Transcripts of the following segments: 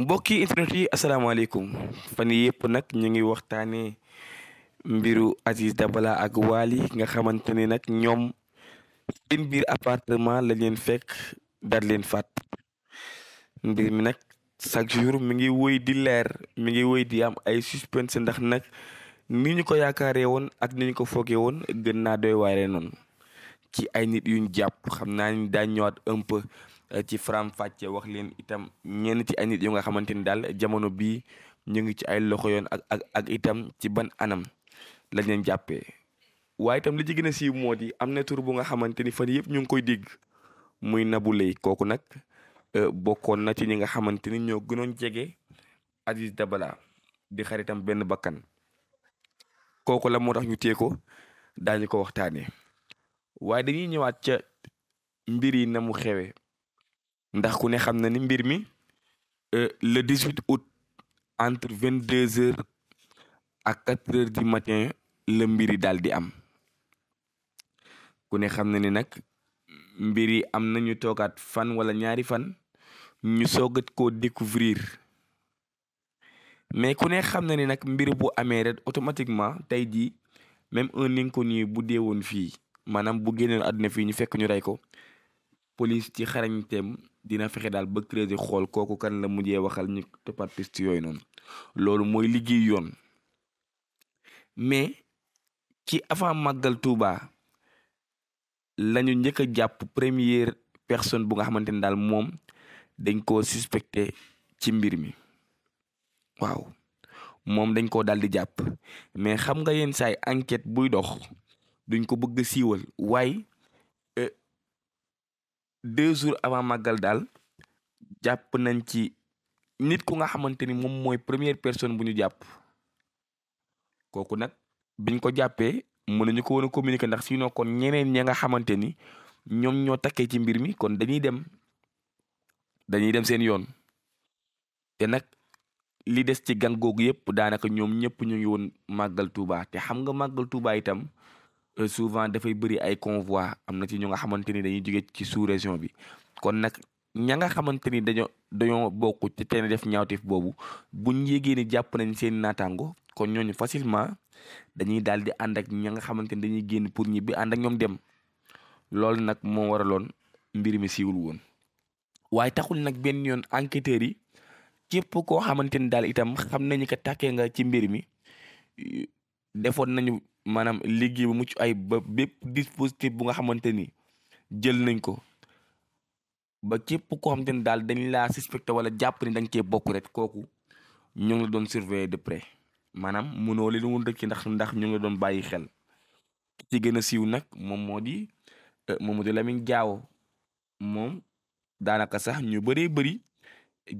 mbokki internet yi asalaamaaleykum fan yëpp nag ñu ngi waxtaanee mbiru Aziz Dabala ak Wally nga xamante ne nag ñoom seen biir appartement la leen fekk daal leen faat mbir mi nag chaque jour mi ngi woy di leer mi ngi woy di am ay suspense ndax nag ni ñu ko yaakaaree woon ak ni ñu ko foogee woon gën naa doy waare noonu ci ay nit yuñ jàpp xam naa ni daañ ñëwaat un ci faram fàcce wax leen itam ñenn ci ay nit yu nga xamante ni daal jamono bii ñu ngi ci ay loxo yoon ak ak ak itam ci ban anam lañ leen jàppee. waaye itam li ci gën moo di am na tur bu nga xamante ni fan yëpp ñu ngi koy dégg muy Nabou kooku nag euh, bokkoon na ci ñi nga xamante ni ñoo gënoon jege Aziz Dabala di xaritam benn bakkan kooku la moo tax ñu téye ko daañu ko waxtaanee waaye dañuy ñëwaat ca mbir yi na mu xewe ndax ku ne xam na ni mbir mi euh, le 18 août entre vingt deux heures ak quatre heures du matin la mbiri daal di am ku ne xam na ni nag mbir yi am ñu toogaat fan wala ñaari fan ñu soogat koo découvrir mais ku ne xam na ni nag mbir bu amee rek automatiquement tey jii même un inconnu bu dee woon fii maanaam bu génnoon àdduna fii ñu fekk ñu rey ko police ci xarañteem dina fexe daal ba creuser xool kooku kan la mujjee waxal ñu toppat piste yooyu noonu loolu mooy liggéey yoon mais ci avant màggal Touba lañu njëkk a jàpp première personne bu nga xamante ne daal moom dañ koo suspecté ci mbir mi waaw moom dañ koo daal di jàpp mais xam nga yenn saay enquête buy dox duñ ko bëgg siiwal waaye deux jours avant màggal daal jàpp nañ ci nit ku nga xamante ni moom mooy première personne bu ñu jàpp kooku nag biñ ko jàppee mënuñu ko woon a communiquer ndax sinon kon ñeneen ña nga xamante ni ñoom ñoo takkee ci mbir mi kon dañuy dem dañuy dem seen yoon te nag li des ci gang googu yëpp daanaka ñoom ñëpp ñu ngi woon màggal Touba te xam nga màggal Touba itam Euh, souvent dafay bëri ay convoi am na ci ñu nga xamante ni dañuy jóge ci sous région bi kon nag ña nga xamante ni dañoo dañoo bokk ci teen def ñaawteef boobu buñ yégee ni jàpp nañ seen naataango kon ñooñu facilement dañuy daal di ànd ak ña nga xamante ni dañuy génn pour ñibbi ànd ak ñoom dem loolu nag moo waraloon mbir mi siwul woon waaye taxul nag benn yoon enquêteurs yi képp koo xamante ni daal itam xam nañu ko tàkkee nga ci mbir mi nañu maanaam liggéey bu mucc ay ba bépp dispositif bu nga xamante ni jël nañ ko ba képp koo xamante ni daal dañ laa suspecté wala jàpp ni dañ cee bokk rek kooku ñu ngi la doon surveiller de près maanaam mënoo li woon rëcc ndax ndax ñu ngi la doon bàyyi xel ci gën a siiw nag moom moo di euh, Mamadou Lamine Diawo moom daanaka sax ñu bëree bëri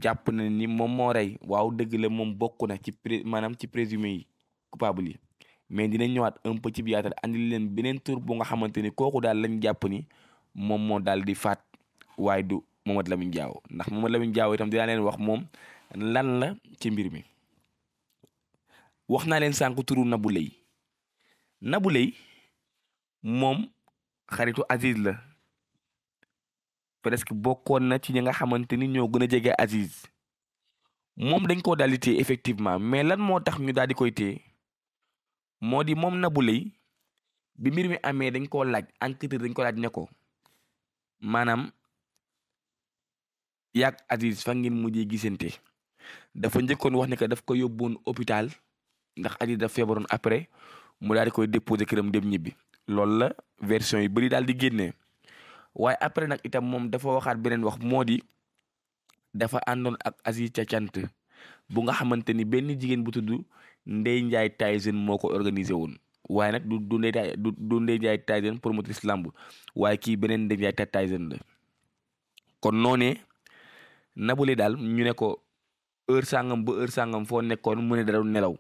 jàpp na ni moom moo rey waaw dëgg la moom bokk na ci pré maanaam ci présumé yi coupable yi mais dinañ ñëwaat un peu ci biyaatal andil leen beneen tur bu nga xamante ni kooku daal lañ jàpp ni moom moo daal di faat waaye du Mamadou Lamine Diaw ndax Mamadou Lamine Diaw itam dinaa leen wax moom lan la ci mbir mi wax naa leen sànq turu Nabou Leye Nabou Leye moom xaritu Aziz la presque bokkoon na ci ñi nga xamante ni ñoo gën a jege Aziz moom dañ koo daal di téye effectivement mais lan moo tax ñu daal di koy téye moo di moom Nabou Leye bi mbir mi amee dañ koo laaj enquêteur dañ ko laaj ne ko maanaam yàgg Aziz fa ngeen mujjee gisante dafa njëkkoon wax ne que daf ko yóbboon hôpital ndax Aziz daf feebaroon après mu daal di koy déposé këram dem ñibbi loolu la version yi bëri daal di génnee waaye après nag itam moom dafa waxaat beneen wax moo di dafa àndoon ak Aziz ca cant bu nga xamante ni benn jigéen bu tudd Ndeye Ndiaye Tyson moo ko organisé woon waaye nag du du Ndeye du du Ndeye Ndiaye Tyson promotrice lamb waaye kii beneen Ndeye Ndiaye Tyson la kon nabu nabule daal ñu ne ko heure sàngam ba heure sàngam foo nekkoon mu ne da nelaw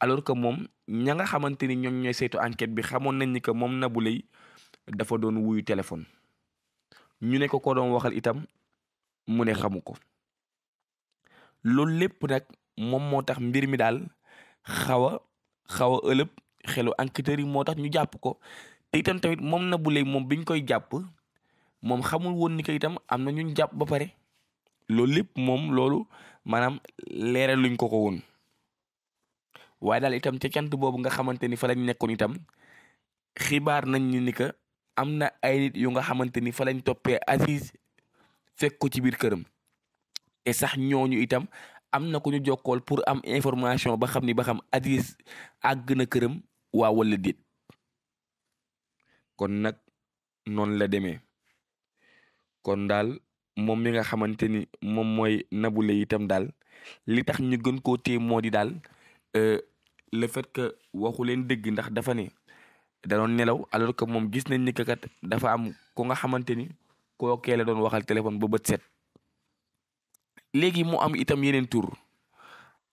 alors que moom ña nga xamante ni ñoom ñooy saytu enquête bi xamoon nañ ni que moom nabuley dafa doon wuyu téléphone ñu ne ko ko doon waxal itam mu ne xamu ko loolu lépp nag moom moo tax mbir mi daal xaw a xaw a ëlëb xelu enquêteurs yi moo tax ñu jàpp ko te itam tamit moom na bu moom biñ koy jàpp moom xamul woon ni ko itam am na ñun jàpp ba pare loolu lépp moom loolu maanaam leeral luñ ko ko woon waaye daal itam ca cant boobu nga xamante ni fa lañ nekkoon itam xibaar nañ ni ni que am na ay yu nga xamante ni fa lañ toppee assise fekk ko ci biir këram te sax ñooñu itam am na ku ñu jokkool pour am information ba xam ni ba xam Adris àgg na këram waa wala déet kon nag noonu la demee kon daal moom mi nga xamante ni moom mooy Nabou Leye itam daal li tax ñu gën koo téye moo di daal euh, le fait que waxu leen dëgg ndax dafa ne da doon nelaw alors que moom gis nañ ni kat dafa am ku nga xamante ni kookee la doon waxal téléphone ba bët set. léegi mu am itam yeneen tur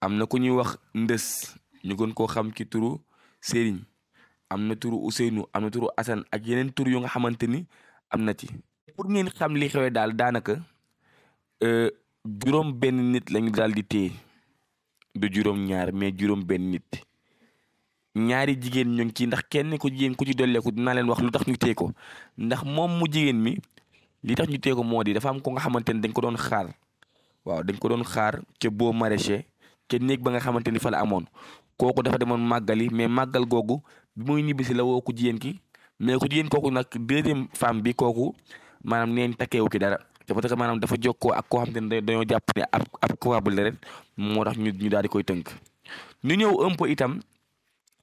am na ku ñuy wax ndës ñu gën koo xam ci turu Serigne am na turu usenu am na turu Assane ak yeneen tur yu nga xamante ni am na ci. pour ngeen xam li xewee daal daanaka euh, juróom benn nit lañu daal di téye du juróom ñaar mais juróom benn nit ñaari jigéen ñu ngi ci ndax kenn ku jigéen ku ci dolleeku dinaa leen wax lu tax ñu téye ko ndax moom mu jigéen mi li tax ñu téye ko moo di dafa am ko nga xamante ni dañ ko doon xaar. waaw dañ ko doon xaar ca boo maraîcher ca néeg ba nga xamante ni fa la amoon kooku dafa demoon màggali mais màggal googu muy ñibbisi la woo ku jigéen ki mais ku jigéen kooku nag deuxième femme bi kooku maanaam neen takkeewu ci dara dafa tax maanaam dafa jokkoo ak koo xamante ne dañoo jàpp ne ab ab moo tax ñu ñu daal di koy tënk ñu ñëw un itam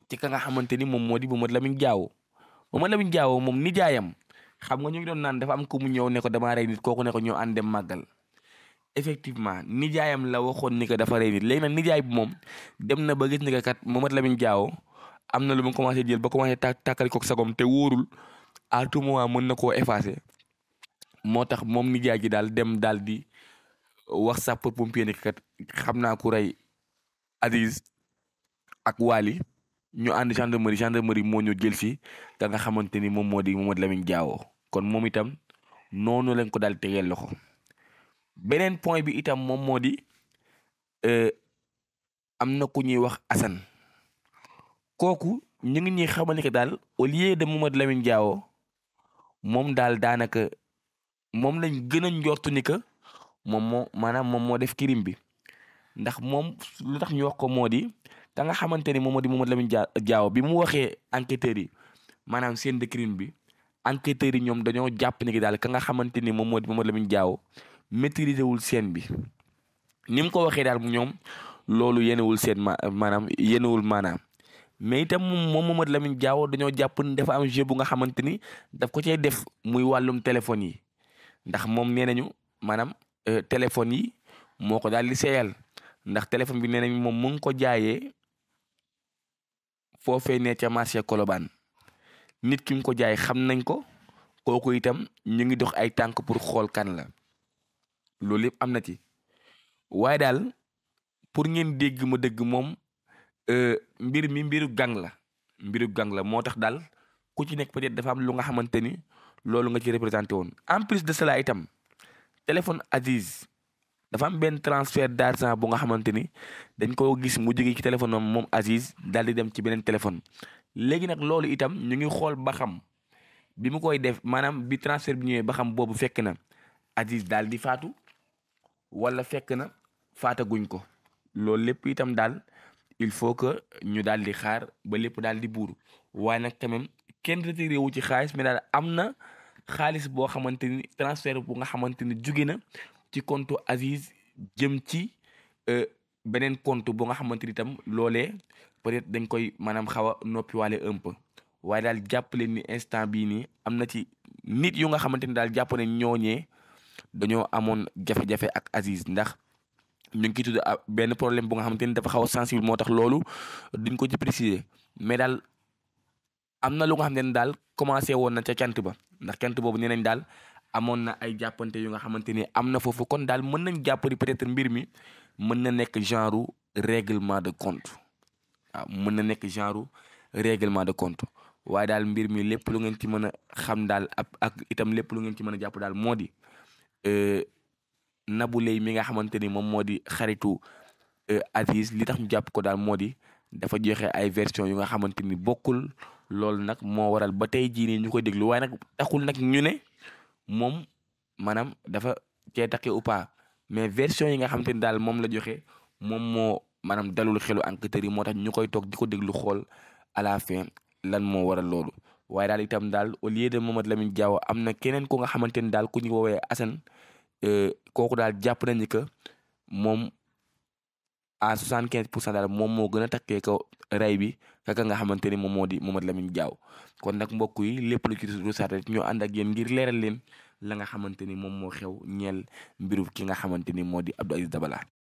ci ka xamante ni moom moo di Mamadou Lamine Diaw Mamadou Lamine Diaw moom nijaayam xam nga ñu ngi doon naan dafa am ku mu ñëw ne ko damaa rey kooku ne ko ñoo ànd dem effectivement nijaayam la waxoon ni ko dafa rey nit léegi nijaay bi moom dem na ba gis ni ko kat Mamadou Lamine Diaw am na lu mu commencé jël ba commencé tà tàkkal ko sagom te wóorul à tout moment mën na koo effacer moo tax moom nijaay ji daal dem daal di wax sapeur pompier ni kat xam naa ku rey Aziz ak Wali ñu ànd gendarmerie gendarmerie moo ñu jël si da nga xamante ni moom moo di Mamadou Lamine Diaw kon moom itam noonu lañ ko daal tegeel loxo. beneen point bi itam moom moo di euh, am na ku ñuy wax Assane kooku ñu ngi ñuy xamal ni que daal au lieu de Mamadou Lamine Diawo moom daal daanaka moom lañ gën a njortu ni que moom moo maanaam moom moo def kirim bi ndax moom lu tax ñu wax ko moo di da nga xamante ni moom moo di Mamadou Lamine Diawo bi mu waxee enquêteurs yi maanaam seen de kirim bi enquêteurs yi ñoom dañoo jàpp ni daal ka nga xamante ni moom moo di Mamadou Lamine Diawo maîtriser wul seen bi ni mu ko waxee daal ñoom loolu yenewul seen ma maanaam yenewul maanaam mais itam moom Mamadou Lamine Diaw dañoo jàpp ni am jeu bu nga xamante ni daf ko cee def muy wàllum téléphone yi ndax moom nee nañu maanaam euh, téléphone yi moo ko daal di seeyal ndax téléphone bi nee nañ moom mu ngi ko jaayee foofee ne ca marché Colobane nit ki ko jaay xam nañ ko kooku itam ñu ngi dox ay tànk pour xool kan la loolu yëpp am na ci waaye daal pour ngeen dégg ma dëgg moom euh, mbir mi mbiru gang la mbiru gang la moo tax daal ku ci nekk peut-être dafa am lu nga xamante ni loolu nga ci représenté woon en plus de cela itam téléphone Aziz dafa am benn transfert d'argent bu nga xamante ni dañ koo gis mu jóge ci téléphone am moom Aziz daal di dem ci beneen téléphone léegi nag loolu itam ñu ngi xool ba xam bi mu koy def maanaam bi transfert bi ñëwee ba xam boobu fekk na Aziz daal di faatu wala fekk na faataguñ ko loolu lépp itam daal il faut que ñu daal di xaar ba lépp daal di buur waaye nag quand même kenn retiré wu ci xaalis mais daal am na xaalis boo xamante ni transfert bu nga xamante ni jóge na ci compte Aziz jëm ci euh, beneen compte bu nga xamante ni itam loole peut-être dañ koy maanaam xaw a noppiwaale un waaye daal jàpp leen ni instant bii nii am na ci nit yu nga xamante ni daal jàpp ne ñooñee dañoo amoon jafe-jafe ak Aziz ndax ñu ngi ciy tudd ah, benn problème bu nga xamante ni dafa xaw a sensible moo tax loolu duñ ko ci préciser mais daal am na lu nga xamante ni daal commencé woon na ca cant ba ndax cant boobu nee nañ daal amoon na ay jàppante yu nga xamante ni am na foofu kon daal mën nañ jàpp ni peut-être mbir mi mën na nekk genre règlement de compte waaw mën na nekk genre règlement de compte waaye daal mbir mi lépp lu ngeen ci mën a xam daal ak itam lépp lu ngeen ci mën a jàpp daal moo di. Euh, Nabou Leye mi nga xamante ni moom moo di xaritu euh, Aziz li tax ñu jàpp ko daal moo di dafa joxe ay version yu nga xamante ni bokkul loolu nag moo waral ba tey jii nii ñu koy déglu waaye nag taxul nag ñu ne moom maanaam dafa cee taqi ou mais version yi nga xamante ni daal moom la joxe moom moo maanaam dalul xelu enquêteurs yi moo tax ñu koy toog di ko déglu xool à la lan moo waral loolu waaye daal itam daal au lieu de Mamadou Lamine Diaw am na keneen ku nga xamante ni daal ku ñu woowee Assane euh, kooku daal jàpp nañu que moom à soixante quinze pour cent daal moom moo gën a takkee ko rey bi kaka nga xamante ni moom moo di Mamadou Lamine Diaw kon nag mbokk yi lépp lu ci rusaate ñoo ànd ak yéen ngir leeral leen la nga xamante ni moom moo xew ñeel mbiru ki nga xamante ni moo di Abdou Aziz Dabala